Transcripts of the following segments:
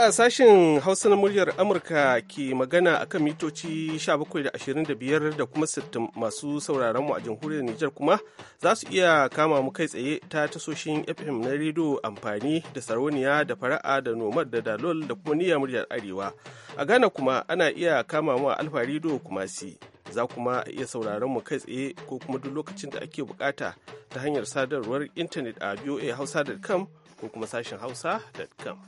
jama'a sashen hausa na muryar amurka ke magana akan mitoci 17.25 da kuma 60 masu sauraron mu a jamhuriyar nijar kuma za su iya kama mu kai tsaye ta tasoshin fm na rediyo amfani da sarauniya da fara'a da nomad da dalol da kuma niyyar muryar arewa a ghana kuma ana iya kama mu a alfa rediyo kuma si za kuma iya sauraron mu kai tsaye ko kuma duk lokacin da ake bukata ta hanyar sadarwar intanet a voahausa.com ko kuma sashen hausa.com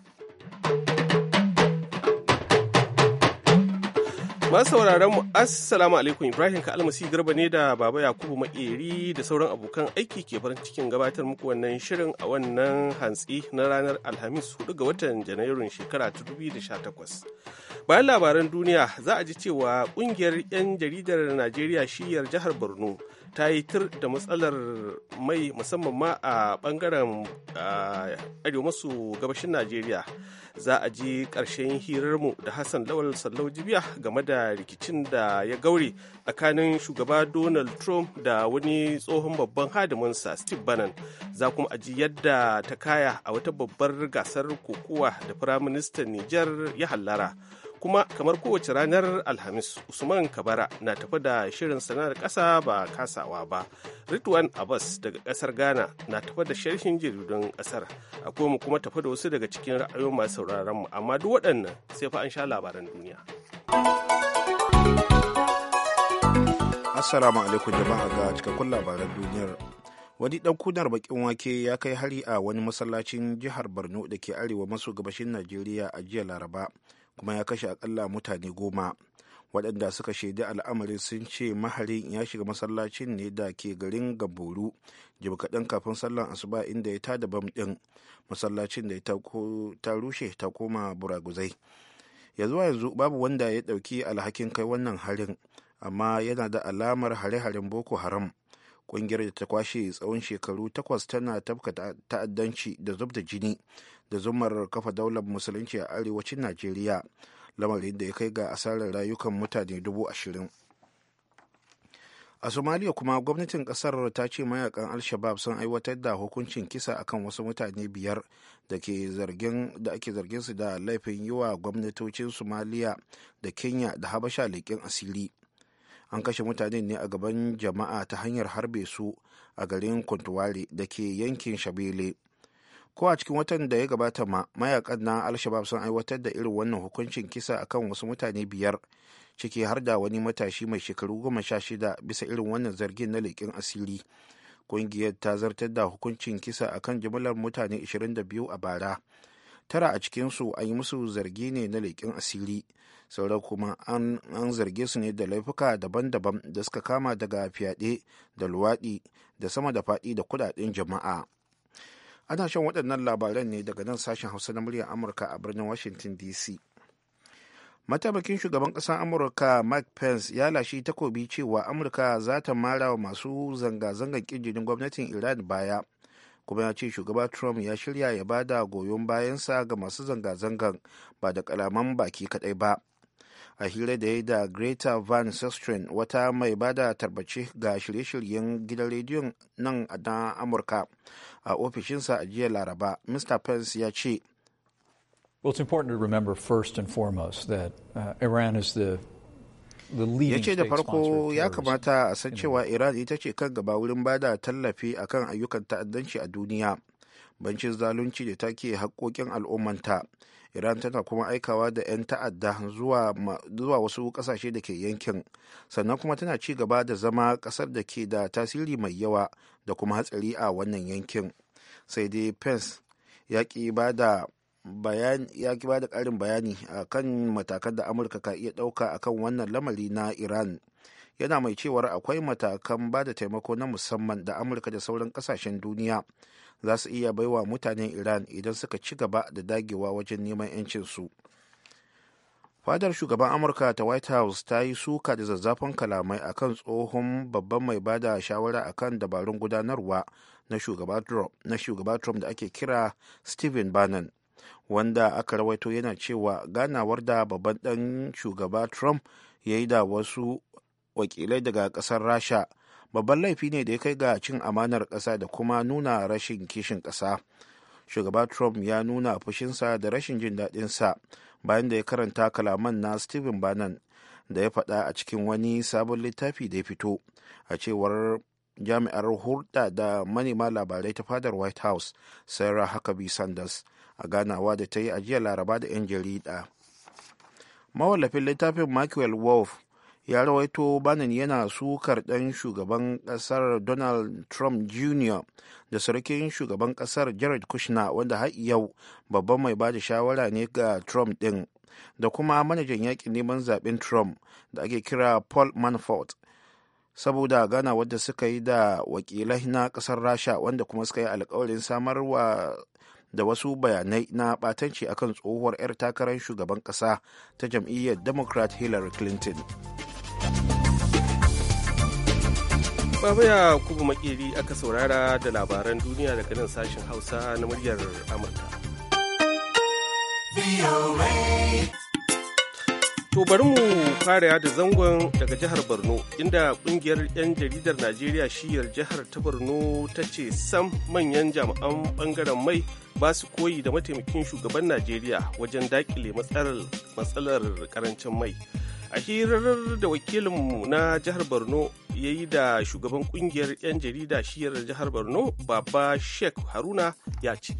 sauraron mu assalamu alaikum ibrahim ka almasi garba ne da baba yakubu makeri da sauran abokan aiki ke farin cikin gabatar muku wannan shirin a wannan hantsi na ranar alhamis 4 ga watan janairun shekara ta 2018 bayan labaran duniya za a ji cewa kungiyar 'yan jaridar najeriya shiyar jihar borno ta yi tir da matsalar mai musamman ma a bangaren arewa maso gabashin najeriya za a ji ƙarshen hirarmu da hassan lawal sallau jibiya game da rikicin da ya gaure tsakanin shugaba donald trump da wani tsohon babban hadiminsa steve bannon za kuma a ji yadda ta kaya a wata babbar gasar kokowa da firaministan nijar ya hallara kuma kamar kowace ranar alhamis usman kabara na tafi da shirin sanar kasa ba kasawa ba ritwan abbas daga kasar ghana na tafi da sharhin jaridun kasar akwai mu kuma tafi da wasu daga cikin ra'ayoyin masu sauraron mu amma duk waɗannan sai fa an sha labaran duniya assalamu alaikum jama'a ga cikakkun labaran duniyar wani dan kunar bakin wake ya kai hari a wani masallacin jihar borno da ke arewa maso gabashin najeriya a jiya laraba kuma ya kashe akalla mutane goma waɗanda suka shaidi al'amarin sun ce maharin ya shiga masallacin ne da ke garin gaboru jibi kaɗan kafin sallan asuba inda ya tada bam ɗin masallacin da ta rushe ta koma buraguzai ya zuwa yanzu babu wanda ya ɗauki alhakin kai wannan harin amma yana da alamar hare-haren boko haram ƙungiyar da ta kwashe tsawon shekaru takwas tana tafka ta'addanci da zub da jini da zumar kafa daular musulunci a arewacin najeriya lamarin da ya kai ga asarar rayukan mutane dubu ashirin a somaliya kuma gwamnatin kasar ta ce mayakan al-shabab sun aiwatar da hukuncin kisa akan wasu mutane biyar da ake zargin su da laifin yi wa gwamnatocin somaliya da kenya da habasha leƙen asiri an kashe mutane ne a gaban jama'a ta hanyar harbe su a garin kuntuwale da ke yankin shabele ko a cikin watan da ya gabata ma mayakan na alshabab sun aiwatar da irin wannan hukuncin kisa akan wasu mutane biyar ciki har da wani matashi mai shekaru goma sha shida bisa irin wannan zargin na leƙin asiri ƙungiyar ta zartar da hukuncin kisa akan jimlar mutane 22 a bara tara a cikinsu an yi musu zargi ne na leƙin asiri sauran kuma an zarge su ne da laifuka daban-daban da suka kama daga fyaɗe da luwaɗi da sama da faɗi da kuɗaɗen jama'a ana shan waɗannan labaran ne daga nan sashen hausa na muryar amurka a birnin washington dc mataimakin shugaban ƙasar amurka mike pence ya lashe takobi cewa amurka za ta mara wa masu zanga-zangar ƙinjinin gwamnatin iran baya kuma ya ce shugaba trump ya shirya ya ba da goyon bayansa ga masu zanga-zangar ba da kalaman baki kadai ba a hira da ya da greta van susteren wata mai bada tarbaci ga shirye-shiryen gidan rediyon nan na amurka a ofishinsa a jiya laraba mr pence ya ce Well, it's important to remember first and foremost that uh, Iran is the ya ce da farko ya kamata a san cewa iran ita ce kan gaba wurin bada tallafi akan ayyukan ta'addanci a duniya bancin zalunci da take haƙoƙin al'ummanta iran tana kuma aikawa da 'yan ta'adda zuwa wasu ƙasashe da ke yankin sannan kuma tana ci gaba da zama ƙasar da ke da tasiri mai yawa da kuma hatsari a wannan yankin sai dai pence ya ki ba da ƙarin bayani a kan matakan da amurka ka iya ɗauka a kan wannan lamari na iran yana mai cewar akwai matakan ba da taimako na musamman da amurka da sauran ƙasashen duniya za su iya baiwa mutanen iran idan suka ci gaba da dagewa wajen neman su. fadar shugaban amurka ta white house ta yi suka da zazzafin kalamai akan tsohon babban mai bada shawara akan dabarun gudanarwa na shugaba trump da ake kira stephen bannon wanda aka rawaito yana cewa ganawar da babban dan shugaba trump ya yi da wasu wakilai daga kasar rasha babban laifi ne da ya kai ga cin amanar ƙasa da kuma nuna rashin kishin ƙasa shugaba trump ya nuna fushinsa da rashin jin daɗinsa bayan da ya karanta kalaman na stephen bannon da ya faɗa a cikin wani sabon littafi da ya fito a cewar jami'ar hulɗa da manema labarai ta fadar white house sarah huckabee sanders a ganawa da ta yi a laraba da 'yan jarida mawallafin littafin michael wolf ya rawaito banin yana sukar ɗan shugaban ƙasar donald trump jr da sarkin shugaban ƙasar jared kushner wanda har yau babban mai bada shawara ne ga trump ɗin da kuma manajan yakin neman zaben trump da ake kira paul manafort saboda gana wadda suka yi da wakilai na ƙasar rasha wanda kuma suka yi alkawarin samar wa da wasu bayanai na batanci akan tsohuwar 'yar takarar shugaban ƙasa ta jam'iyyar democrat hillary clinton Baba ya kubu makeri aka saurara da labaran duniya daga nan sashen hausa na muryar amurka To bari mu fara da zangon daga jihar Borno inda kungiyar 'yan jaridar Najeriya shiyar jihar ta Borno ta ce sam manyan jami'an bangaren mai ba su koyi da mataimakin shugaban Najeriya wajen dakile matsalar karancin mai. A hirar da wakilinmu na jihar Borno ya yi da shugaban kungiyar 'yan jarida shiyar jihar Borno, Baba Sheikh Haruna ya ce.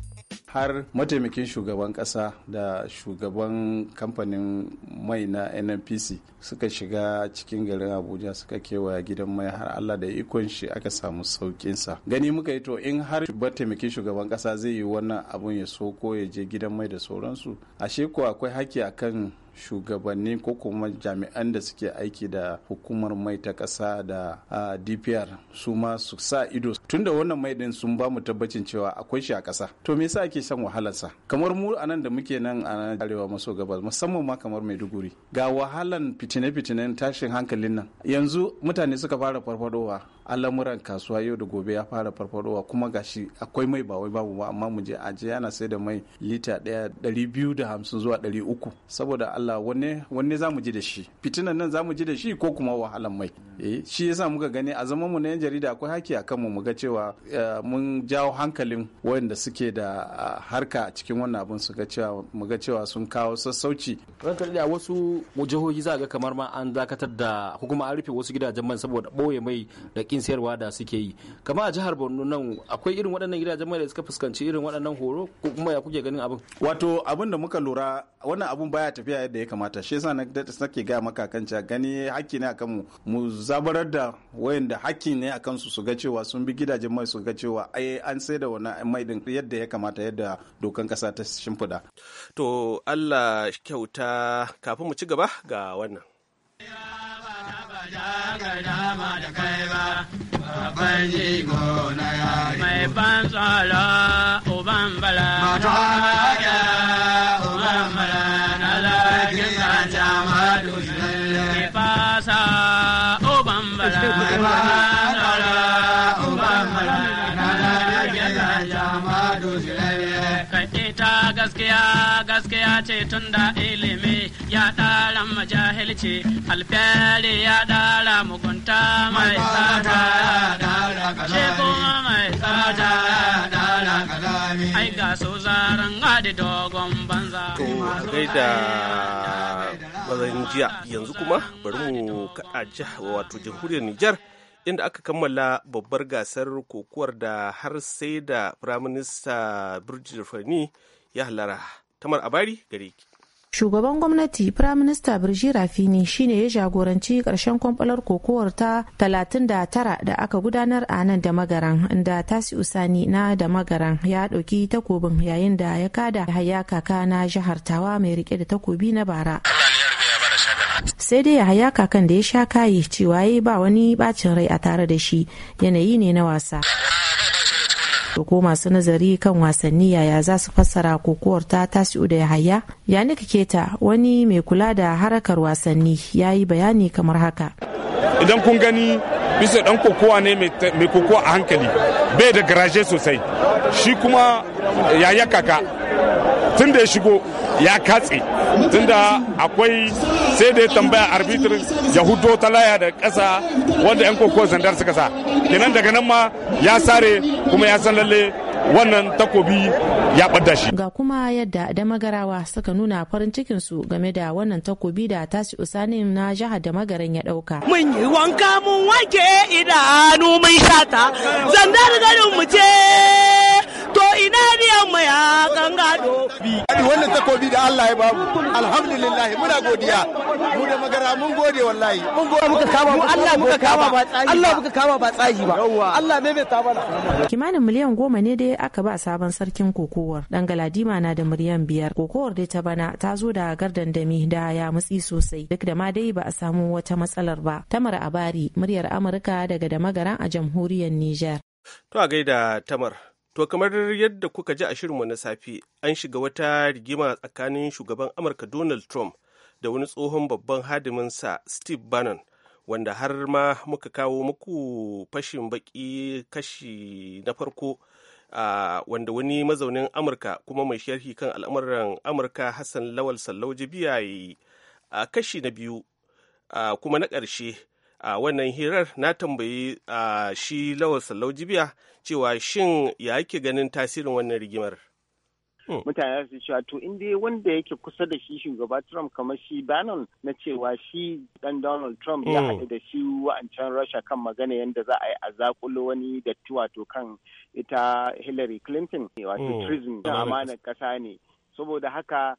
har mataimakin shugaban kasa da shugaban kamfanin mai na nnpc suka shiga cikin garin abuja suka kewaya gidan mai har allah da ikon shi aka samu saukin sa gani muka yi to in har mataimakin shugaban kasa zai yi wannan abun ya so ko ya je gidan mai da sauransu ashe ko akwai haki akan shugabanni ko kuma jami'an da suke aiki da hukumar mai ta ƙasa da dpr su ma su sa ido tunda wannan mai din sun ba mu tabbacin cewa akwai shi a kasa to me yasa ake shan wahalarsa kamar mu anan da muke nan a arewa maso gabas musamman ma kamar maiduguri ga wahalan fitine-fitinen tashin hankalin nan yanzu mutane suka fara farfadowa al'amuran kasuwa yau da gobe ya fara farfadowa kuma gashi akwai mai ba wai babu ba amma mu je aje ana sai da mai lita ɗaya ɗari biyu da zuwa 300 uku saboda Allah wanne wanne zamu ji da shi fitinan nan zamu ji da shi ko kuma wahalan mai eh shi yasa muka gani a zaman mu na yan jarida akwai haki akan mu muga cewa eh, mun jawo hankalin wayanda suke da harka a cikin wannan abin su ga cewa muga cewa sun kawo sassauci ranka da wasu jihohi za ga kamar ma an dakatar da hukuma kuma an rufe wasu gidajen man saboda boye mai da kin sayarwa da suke yi kamar a jihar Borno nan akwai irin waɗannan gidajen mai da suka fuskanci irin waɗannan horo ko kuma ya kuke ganin abin wato abin da muka lura wannan abun baya tafiya yadda ya kamata shi yasa na nake ga maka gani hakki ne akan mu mu zabarar da wayanda hakki ne akan su su ga cewa sun bi gidajen mai su ga cewa ai an sai da wannan mai din yadda ya kamata yadda dokan kasa ta shimfida to Allah kyauta kafin mu ci gaba ga wannan Mai ban tsara, uban bala. Mata ce tun da ilimi ya ɗara majahilci alfiyari ya ɗara mugunta mai tsada ya mai tsada ai ga su zaran adi dogon banza gaida bazan jiya yanzu kuma bari mu kaɗa wato jamhuriyar Nijar inda aka kammala babbar gasar kokuwar da har sai da firaminista Birjir Fani ya halara Tamar Abari gare ki. shugaban gwamnati minister birji rafini shine ya jagoranci karshen kwamfalar kokowar ta 39 da aka gudanar a nan da magaran inda tasi usani na da magaran ya ɗauki takobin yayin da ya kada haya kaka na jihar tawa mai rike da takobi na bara sai dai ya yahaya kakan da ya sha kayi cewa ba wani bacin rai a tare da shi yanayi ne na wasa da ko masu nazari kan wasanni yaya za su fassara kokowar ta tasiu da yahaya yanik keta wani mai kula da harakar wasanni ya yi bayani kamar haka idan kun gani bisa dan kokowa ne mai kokowa a hankali bai da garaje sosai shi kuma yaya kaka tun da ya shigo ya katse tun da akwai sai da ya tambaya arbitrin ya hudo ta laya da ƙasa wanda 'yan kokowar zandar suka sa kenan daga nan ma ya sare kuma ya san lalle wannan takobi ya ɓadda shi. Ga kuma yadda da magarawa suka nuna farin cikin su game da wannan takobi da tasi usani na jihar da magaran ya ɗauka. Mun yi wanka mun wanke idanu mun shata zandar garin mu ce to wannan takobi da Allah ya babu alhamdulillah muna godiya mu da magara mun gode wallahi mun gode muka kama Allah muka kama ba tsahi Allah muka kama ba tsahi ba Allah ne mai tabana kimanin miliyan goma ne dai aka ba sabon sarkin kokowar dan galadima na da miliyan biyar kokowar dai ta bana ta zo da gardandami da ya mutsi sosai duk da ma dai ba a samu wata matsalar ba tamar abari muryar amurka daga da magaran a jamhuriyar niger to a gaida tamar To kamar yadda kuka ji a shirinmu na safe, an shiga wata rigima tsakanin shugaban Amurka Donald Trump da wani tsohon babban hadiminsa Steve Bannon, wanda har ma muka kawo muku fashin baki kashi na farko, wanda wani mazaunin Amurka kuma mai sharhi kan al'amuran Amurka Hassan Lawal Sallau biya a kashi na biyu kuma na ƙarshe a wannan hirar na tambayi a shi lawal sallau jibiya cewa shin ya ke ganin tasirin wannan rigimar hmm. mutane su cewa to inda dai wanda yake kusa da shi shugaba Trump kamar shi Bannon na cewa shi dan Donald Trump ya hmm. haɗu da shi wa'ancan Rasha kan magana yadda za a yi a zakulo wani datti wato kan ita Hillary Clinton wato hmm. treason da amanar ƙasa ne saboda haka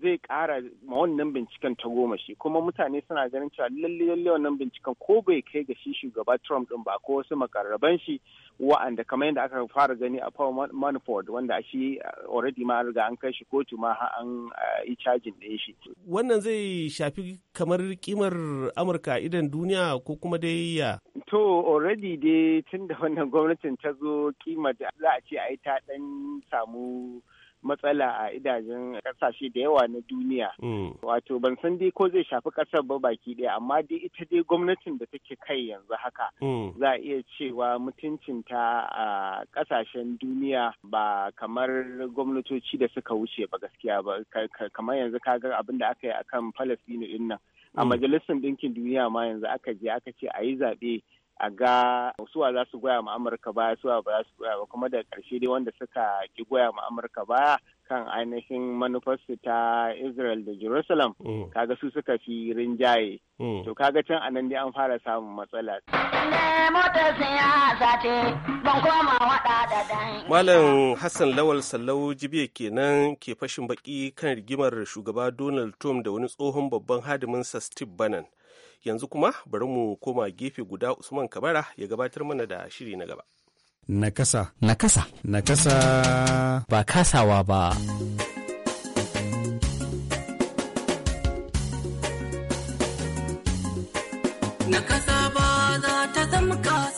zai kara ma wannan binciken ta goma shi kuma mutane suna ganin cewa lalle lalle wannan binciken ko bai kai ga shi shugaba Trump din ba ko wasu makarraban shi wa'anda kamar yadda aka fara gani a Paul Manafort wanda shi uh, already ma riga an kai shi kotu ma an uh, yi cajin da shi. Wannan zai shafi kamar kimar Amurka idan duniya ko kuma dai ya? To already dai tun da wannan gwamnatin ta zo kimar da za a ce a yi ta ɗan samu matsala a idajen kasashe da yawa na duniya. Mm. Wato ban san dai ko zai shafi kasar ba baki ɗaya amma dai ita dai gwamnatin da take kai yanzu haka mm. za a iya cewa mutuncinta a kasashen duniya ba kamar gwamnatoci da suka wuce ba gaskiya ba kamar yanzu ka ga abin da aka yi akan Falasɗinu din nan. A mm. majalisar ɗinkin duniya ma yanzu aka je aka ce a yi zaɓe a ga suwa za su goya ma amurka baya suwa ba za su goya ba kuma da karshe dai wanda suka ki goya ma amurka baya kan ainihin manufarsu ta Israel da Jerusalem mm. kaga su suka fi rinjaye. Mm. To kaga can anan dai an fara samun matsala. Malam Hassan Lawal Sallau Jibiya kenan ke fashin baki kan rigimar shugaba Donald Trump da wani tsohon babban hadiminsa Steve Bannon. yanzu kuma bari mu koma gefe guda usman kabara ya gabatar mana da shiri na gaba nakasa nakasa nakasa ba kasawa ba nakasa ba za ta zama kasa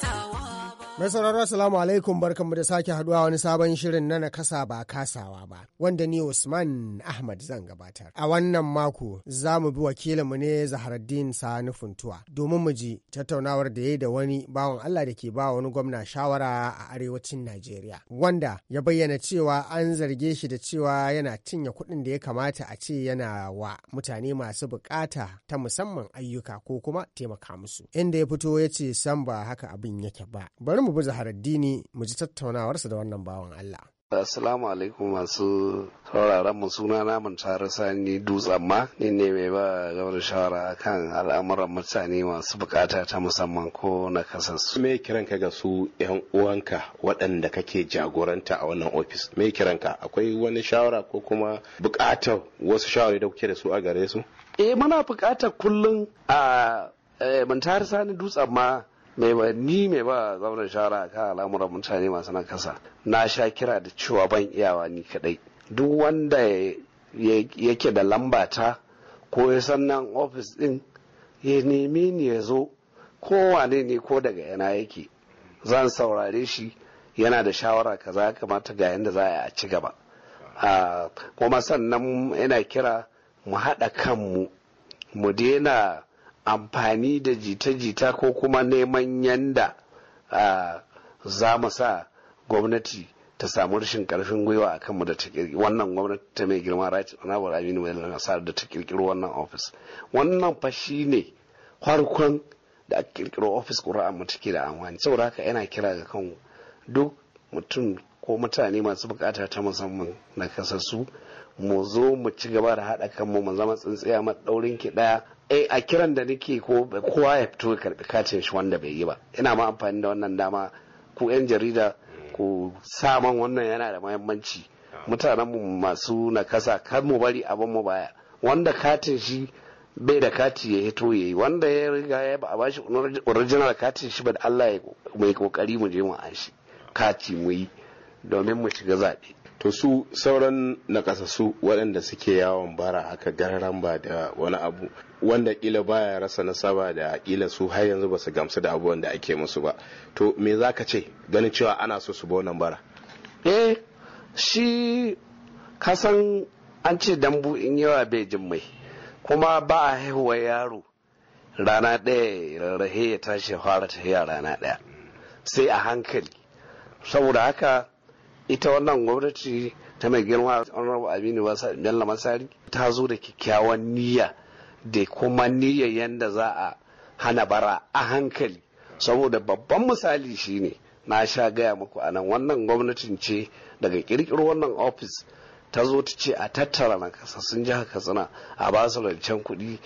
Mai sauraro Assalamu alaikum barkanmu da sake haduwa wani sabon shirin na nakasa ba kasawa ba wanda ni Usman Ahmad zan gabatar. A wannan mako za mu bi mu ne Zaharaddin Sani Funtuwa domin mu ji tattaunawar da ya da wani bawan Allah da ke ba wani gwamna shawara a arewacin Najeriya wanda ya bayyana cewa an zarge shi da cewa yana cinye kuɗin da ya kamata a ce yana wa mutane masu bukata ta musamman ayyuka ko kuma taimaka musu. Inda ya fito ya ce san ba haka abin yake ba. Bari mu mu zaharaddini mu ji tattaunawarsa da wannan bawan Allah. Assalamu alaikum masu sauraron mu suna na tare Sani Dutsamma ni ne mai ba gabar shawara kan al'amuran mutane masu bukata ta musamman ko na kasansu. Me kiranka ga su yan uwanka waɗanda kake jagoranta a wannan ofis? Me kiranka akwai wani shawara ko kuma bukatar wasu shawari da kuke da su a gare su? Eh muna bukatar kullum a eh, Muntari Sani Dutsamma mai ni mai ba zaunar shawara kan al'amuran mutane masu kasa na sha kira da cewa ban iyawa ni kadai duk wanda yake da lambata ko ya san nan ofis din ya nemi ni ya zo kowane ne ko daga yana yake zan saurare shi yana da shawara kaza ya kamata ga yadda za a ci gaba kuma sannan yana kira mu haɗa kanmu mu daina amfani da jita-jita ko kuma neman yanda za mu sa gwamnati ta samu rashin karfin gwiwa a kanmu da ta wannan gwamnati ta mai girma na honorable aminu mai nasar da ta kirkiro wannan ofis wannan fa shi ne farkon da aka kirkiro ofis ƙura'a mu take da amfani saboda haka yana kira ga kan duk mutum ko mutane masu bukata ta musamman na kasassu mu zo mu ci gaba da haɗa kanmu mu zama tsintsiya maɗaurin ki ɗaya eh a kiran da nake ko kowa ya fito karbi katin shi wanda bai yi ba ina ma amfani da wannan dama ku yan jarida ku saman wannan yana da muhimmanci mutanenmu masu nakasa kar mu bari abin mu baya wanda katin shi bai da kati ya hito ya yi wanda ya riga ya ba a bashi original katin shi ba da Allah ya mai kokari mu je mu an shi kati mu yi domin mu shiga zaɓe to su sauran nakasassu waɗanda suke yawon bara haka gararan ba da wani abu wanda kila baya rasa nasaba da kila su har yanzu ba su gamsu da abubuwan da ake musu ba to me za ka ce ganin cewa ana so su bonan bara eh shi kasan an ce dambu in yawa bai jin mai kuma ba a haihuwa yaro rana ɗaya rarrahe ya tashi fara tafiya rana ɗaya sai a hankali saboda haka ita wannan gwamnati ta mai girma honorable aminu bello masari ta zo da kyakkyawan niyya da kuma niyya yadda za a hana bara a hankali saboda babban misali shi ne na sha gaya muku a nan wannan gwamnatin ce daga kirkiro wannan ofis ta zo ta ce a tattara na kasassun jihar katsina a ba su rancen kuɗi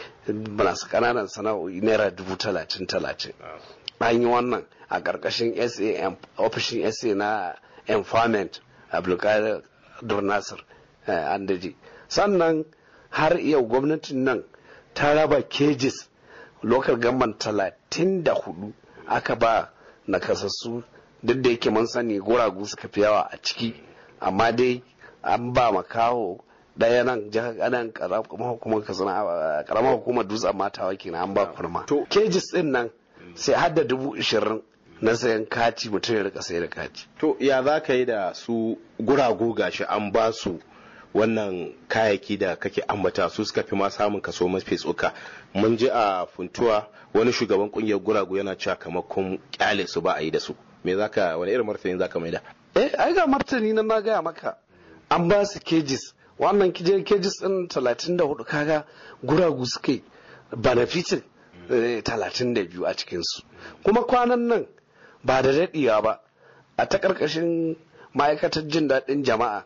masu kananan sana'o'i naira dubu talatin talatin an yi wannan a ƙarƙashin sam ofishin sa na empowerment abdulkadir nasir eh, andaji sannan har yau gwamnatin nan ta raba kejis lokal gamban talatin da hudu aka ba nakasassu duk da yake mun sani guragu suka fi yawa a ciki amma dai an ba makaho daya nan jihar kanan hukumar karamar eh, hukumar dutsen matawa kenan an ba kurma to cages din nan sai har da dubu ishirin na sayan kati mutum ya rika sayar da kati to ya za ka yi da su guragu ga shi an ba su wannan kayayyaki da kake ambata su suka fi ma samun kaso mafi tsoka mun ji a funtuwa wani shugaban kungiyar guragu yana cewa kamakon kyale su ba a yi da su me zaka wani irin martani za mai maida eh ai ga martani na na gaya maka an ba su kejis wannan kijiyar kejis din 34 kaga guragu suke eh, da biyu a cikinsu kuma kwanan nan ba da daɗewa ba a ta ƙarƙashin ma'aikatar jin daɗin jama'a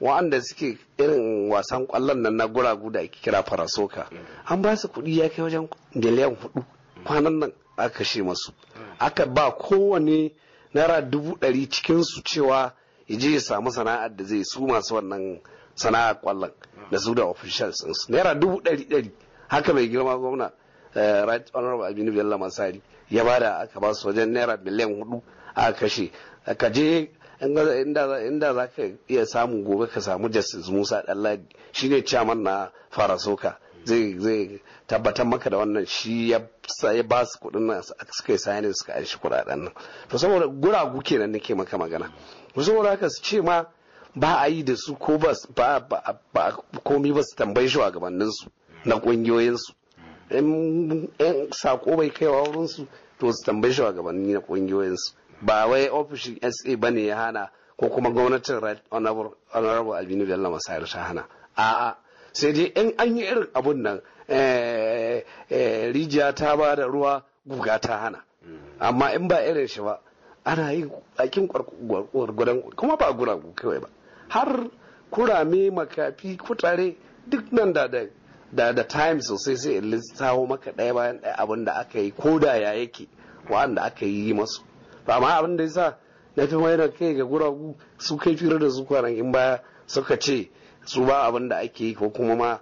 wa'anda suke irin wasan ƙwallon nan na guragu da ake kira farasoka an ba su kuɗi ya kai wajen miliyan hudu kwanan nan aka kashe masu aka ba kowane naira dubu ɗari cikinsu cewa ya je ya samu sana'ar da zai su masu wannan sana'ar ƙwallon da su da officials naira dubu ɗari ɗari haka mai girma gwamna eh, right honorable abinu bello masari ya bada aka ba su wajen naira miliyan hudu a kashe ka je inda za ka iya samun gobe ka samu justice musa shi ne chairman na fara farasoka zai tabbatar maka da wannan shi ya ba su kudin nan suka yi sayanin suka aishi kudaden nan to saboda guragu kenan nake maka magana to saboda haka su ce ma ba a yi da su ko ba komi ba su tambayi shugabanninsu na ƙungiyoyinsu. in sako bai kaiwa wurin su to su tambayi shugabanni na kungiyoyin ba wai ofishin SA ne ya hana ko kuma gwamnatin Right Honorable Albino Bello Masayar ta hana a'a sai dai in an yi irin abun nan eh, eh, rijiya ta ba da ruwa guga ta hana amma in ba irin shi ba ana yi bakin gudan kuma ba guragu kawai ba har kurame makafi kutare duk nan da da da da time sosai sai in lissawo maka ɗaya bayan ɗaya abin da aka yi ko da ya yake wa'anda aka yi masu ba ma abin da yasa na fi mai da kai ga guragu su kai firar da su kwanan in baya suka ce su ba abin da ake yi ko kuma ma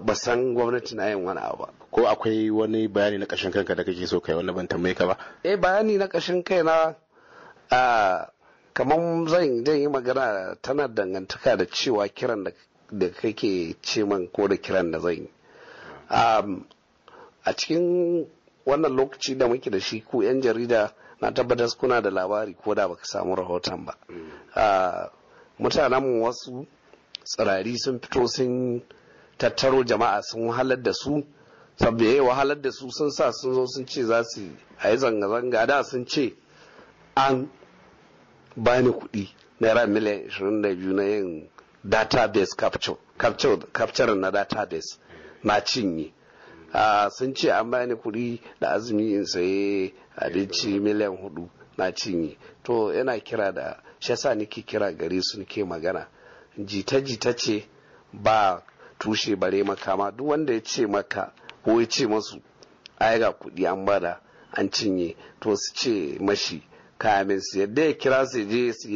ba san gwamnati na yin wani abu ko akwai wani bayani na kashin kanka da kake so kai wanda ban tambaye ka ba eh bayani na kashin kai na ah, kamar zan yi magana tana dangantaka da cewa kiran da da kake ce man ko da kiran da zan yi um, a cikin wannan lokaci da muke da shi ku 'yan jarida na tabbatar kuna da labari ko da baka samu rahoton ba hmm. uh, mutanenmu wasu tsirari sun fito sun tattaro jama'a sun wahalar da su saboda yayi wahalar da su sun sa sun zo sun ce za su a yi zanga-zanga da sun ce an bani kuɗi naira miliyan 22 na yin database capture capture na database na cinye ah, sun ce an bani kuɗi da azumi in saye abinci miliyan hudu na cinye to yana kira da shi nike kira gare su nake magana jita-jita ce ba tushe bare makama duk wanda ya ce maka ko ya ce masu ai ga kuɗi an bada an cinye to su ce mashi kamin su yadda ya kira su je su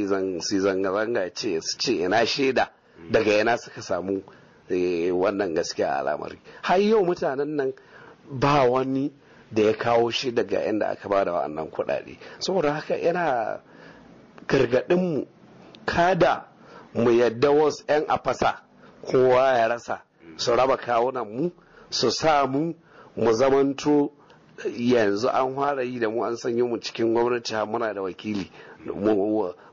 zanga-zanga ce su ce ina shaida daga yana suka samu eh, wannan gaskiya a al'amari har yau mutanen nan ba wani da ya kawo shi daga inda aka ba da wa'annan kuɗaɗe saboda haka yana mu kada mu yadda wasu 'yan fasa kowa ya rasa su raba kawunan mu su samu mu zamanto yanzu an fara yi da mu an sanya mu cikin gwamnati muna da wakili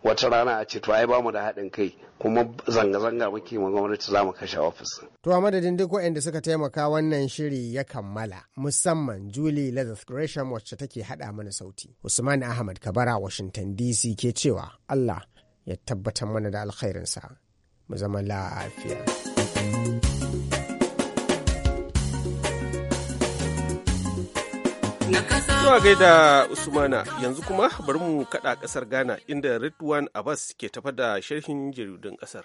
wata rana a ce to ai bamu da haɗin kai kuma zanga-zanga muke ma gwamnati za mu kashe ofis. To a madadin duk waɗanda suka taimaka wannan shiri ya kammala musamman Julie Lazarus Gresham wacce take haɗa mana sauti. Usman Ahmad Kabara Washington DC ke cewa Allah ya tabbatar mana da alkhairinsa mu zama lafiya. Zuwa gaida Usmana yanzu kuma bari mu kaɗa ƙasar Ghana inda Ridwan Abbas ke tafa da sharhin jaridun ƙasar.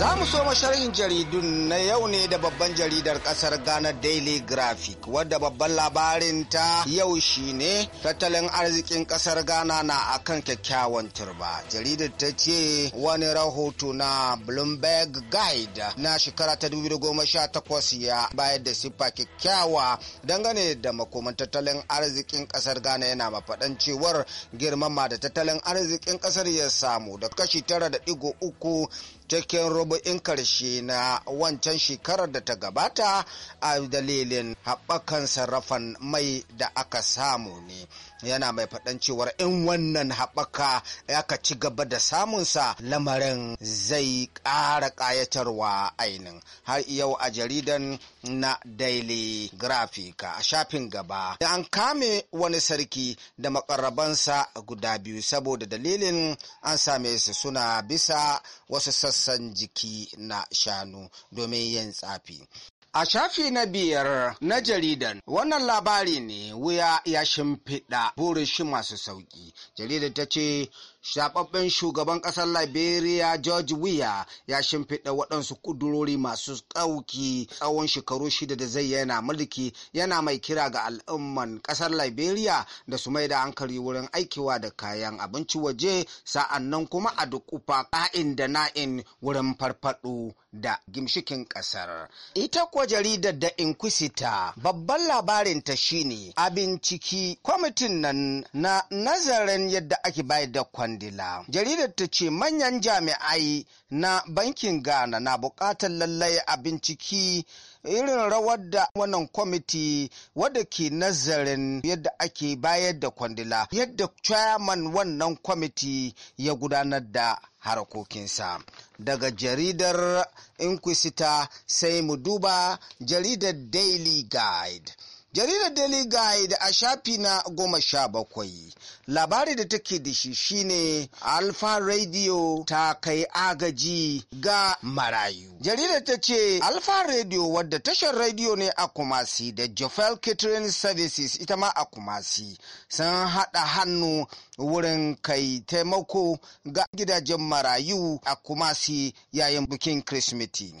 Za mu so sharhin jaridun na yau ne da babban jaridar kasar Ghana Daily Graphic wadda babban labarin ta yau ne tattalin arzikin kasar Ghana na akan kyakkyawan turba. Jaridar ta ce wani rahoto na Bloomberg Guide na shekara ta 2018 ya bayar da siffa kyakkyawa dangane da makoman tattalin arzikin kasar Ghana yana mafaɗan cewar girmama da tattalin arzikin kasar ya samu da kashi 9.3 cikin rubu'in karshe na wancan shekarar da ta gabata a dalilin haɓakan sarrafan mai da aka samu ne yana mai faɗan cewar in wannan haɓaka aka ci gaba da samunsa lamarin zai ƙara ƙayatarwa ainin har yau a jaridan na daily graphic a shafin gaba an kame wani sarki da makarrabansa guda biyu saboda dalilin an same su suna bisa wasu sassan jiki na shanu domin yin tsafi A shafi na biyar na jaridan wannan labari ne wuya ya shimfiɗa burin shi masu sauƙi. Jaridar ta ce shababben shugaban ƙasar Liberia George wiya ya shimfiɗa waɗansu ƙudurori masu ƙauki tsawon shekaru shida da zai yana mulki yana mai kira ga al'umman ƙasar Liberia da su mai da hankali wurin aikiwa da kayan abinci waje sa'an nan kuma a dukufa ƙa'in da na'in wurin farfaɗo da gimshikin ƙasar. Ita kuwa jaridar da Inquisitor babban labarin ta shine a binciki kwamitin nan na nazarin yadda ake bayar da Mandela. Jaridar ta ce manyan jami'ai na bankin Ghana na buƙatar lallai a binciki irin rawar da wannan kwamiti wadda ke nazarin yadda ake bayar da kwandila yadda chairman wannan kwamiti ya gudanar da harkokinsa daga jaridar inquisitor sai mu duba jaridar daily guide jaridar daily guide a shafi na goma sha bakwai labari da take da shi shine alfa radio ta kai agaji ga marayu jaridar ta ce alfa radio wadda tashar radio ne a kumasi da jofel catering services ita ma a kumasi sun haɗa hannu wurin kai taimako ga gidajen marayu a kumasi yayin bikin kirsimeti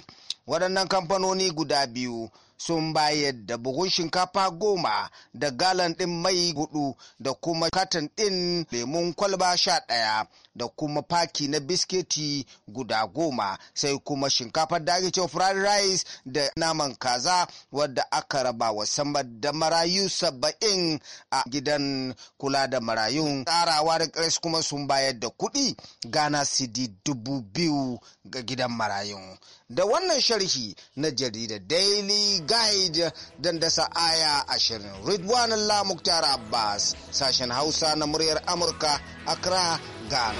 waɗannan kamfanoni guda biyu sun bayar da buhun shinkafa goma da galan ɗin mai hudu da kuma katon ɗin lemun kwalba sha ɗaya da kuma paki na bisketi guda goma sai kuma shinkafar da fried rice da naman kaza wadda aka raba wa sama da marayu saba'in a gidan kula da marayun tsarawa da kres kuma sun bayar da kuɗi gana sidi dubu biyu ga gidan marayun da wannan sharhi na jarida daily guide dandasa aya ashirin ridwan allah muktar abbas sashen hausa na muryar amurka accra Ghana.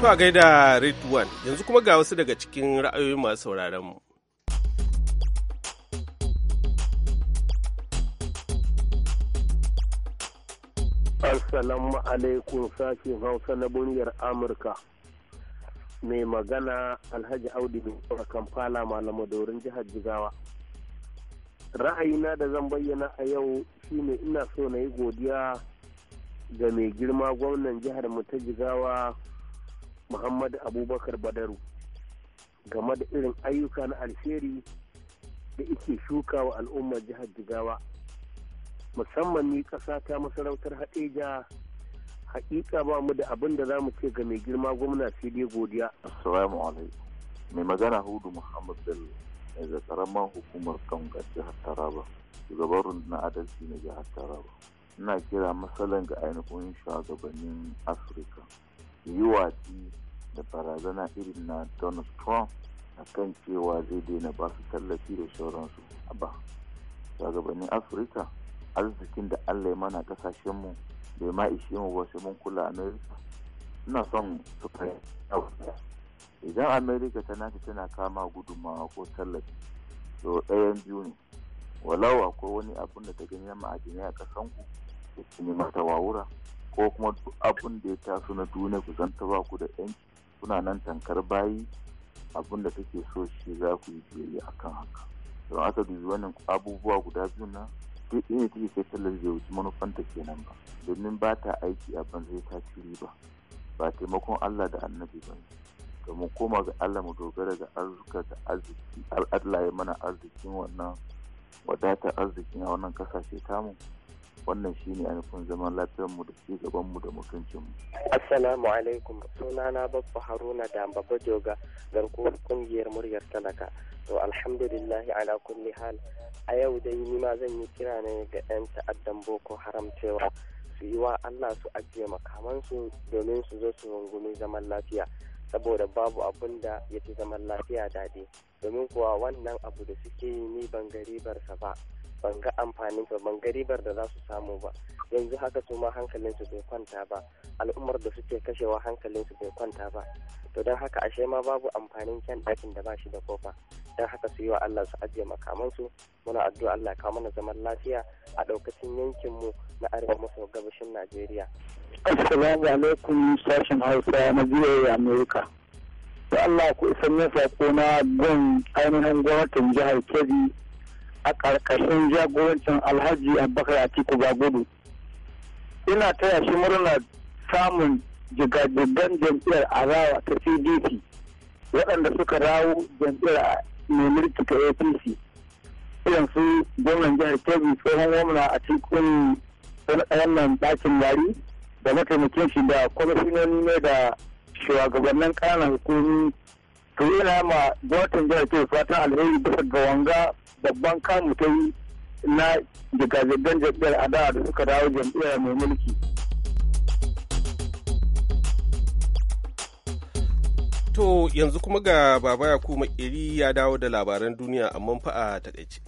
To a gaida Ridwan, yanzu kuma ga wasu daga cikin ra'ayoyin masu sauraron mu. Assalamu alaikum sashen Hausa na bungiyar Amurka. Mai magana Alhaji Audu bin Kampala Malamadorin jihar Jigawa. Ra'ayina da zan bayyana a yau shine ina so na yi godiya ga mai girma gwamnan jihar mu ta jigawa muhammadu abubakar badaru game da irin ayyuka na alheri da ike shuka wa al'ummar jihar jigawa musamman ni ƙasa ta masarautar haɗeja hakika ba mu da abin da za mu ce ga mai girma gwamna sai dai godiya assalamu alaikum mai magana hudu muhammad bello daga karamar hukumar kan jihar taraba shugaban rundunar adalci na jihar taraba ina kira matsalan ga ainihin shugabannin afirka yi watsi da barazana irin na donald trump a kan cewa zai daina ba su tallafi da sauransu a ba shugabannin afirka arzikin da allah ya mana kasashenmu bai ma ishe mu ba sai mun kula amerika ina son su fahimta idan amerika ta nace tana kama gudunmawa ko tallafi to ɗayan biyu ne walau akwai wani abun da ta gani na ma'adinai a ƙasanku sun mata wawura ko kuma abin da ya taso na duniya ku zanta ba ku da yanci kuna nan tankar bayi abin da take so shi za ku yi biyayya kan haka don aka dubi wannan abubuwa guda biyu na duk inda take kai tallar zai wuce manufanta kenan ba domin ba ta aiki a banzai ta ci riba ba taimakon Allah da annabi ba ne mu koma ga Allah mu dogara ga arzuka da arziki ya mana arzikin wannan wadata arzikin a wannan kasashe tamu wannan shi shine zama zaman lafiyarmu da ci gabanmu da mutuncinmu. Assalamu alaikum sunana babba Haruna da babba Joga garkuwar kungiyar muryar talaka to alhamdulillahi ala kulli hal a yau dai ni ma zan yi kira ne ga 'yan ta'addan Boko Haram cewa su yi wa Allah su ajiye makamansu domin su zo su rungumi zaman lafiya saboda babu abun da ya fi zaman lafiya daɗi domin kuwa wannan abu da suke yi ni ban sa ba. ban ga amfanin ba ban ga ribar da za su samu ba yanzu haka su ma hankalin su bai kwanta ba al'ummar da suke kashewa hankalin su bai kwanta ba to don haka ashe ma babu amfanin kyan ɗakin da ba shi da kofa don haka su yi wa Allah su ajiye makamansu muna addu'a Allah kawo mana zaman lafiya a ɗaukacin yankin mu na arewa maso gabashin Najeriya. Assalamu alaikum sashen Hausa na Jiya Amerika. Da Allah ku isan ya sako na gon ainihin gwamnatin jihar Kebbi a ƙarƙashin jagorancin alhaji abubakar atiku gudu. ina taya shi murna samun jigajigan jam'iyyar rawa ta cdc waɗanda suka rawo jam'iyyar mai mulki ta apc irin su gwamnan jihar kebbi tsohon gwamna a cikin wani nan ɗakin gari da mataimakin shi da kwamishinoni ne da shugabannin ƙananan hukumi to yana ma gwamnatin jihar ke fatan alheri bisa ga wanga babban kamu ta yi na jigajigan jam'iyyar adawa da suka dawo jam'iyyar mai mulki. To yanzu kuma ga Baba Yakubu iri ya dawo da labaran duniya amma fa a takaice.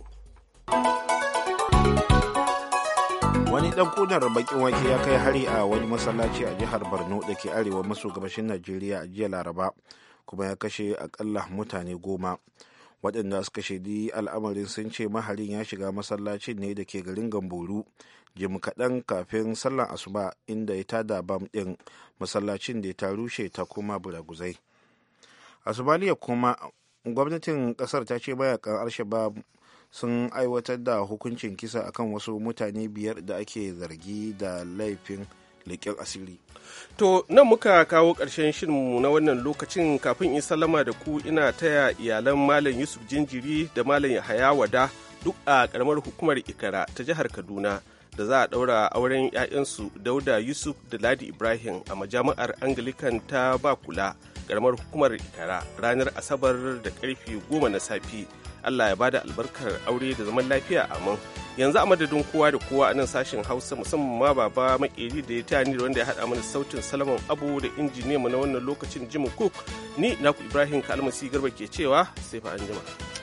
Wani dan kunar bakin wake ya kai hari a wani masallaci a jihar Borno da ke arewa maso gabashin Najeriya a jiya Laraba kuma ya kashe akalla mutane goma waɗanda suka shaidi al'amarin sun ce maharin ya shiga masallacin ne da ke garin gamboru jim kaɗan kafin sallan asuba inda ya tada bam ɗin masallacin da ta rushe ta kuma buraguzai a somaliya kuma gwamnatin ƙasar ta ce mayakan alshabab sun aiwatar da hukuncin kisa akan wasu mutane biyar da ake zargi da laifin leƙen asiri to nan muka kawo ƙarshen shirinmu na wannan lokacin kafin in salama da ku ina taya iyalan malam yusuf jinjiri da malam yahaya wada duk a ƙaramar hukumar ikara ta jihar kaduna da za a ɗaura auren 'ya'yansu dauda yusuf da ladi ibrahim a majami'ar anglican ta bakula ƙaramar hukumar ikara ranar asabar da ƙarfe goma na safe Allah ya bada albarkar aure da zaman lafiya amin yanzu a madadin kowa da kowa a nan sashen hausa musamman ma baba makeri da ya tani da wanda ya haɗa mana sautin salaman abu da injiniya mu na wannan lokacin jim cook ni naku ibrahim kalmasi garba ke cewa sai fa anjima.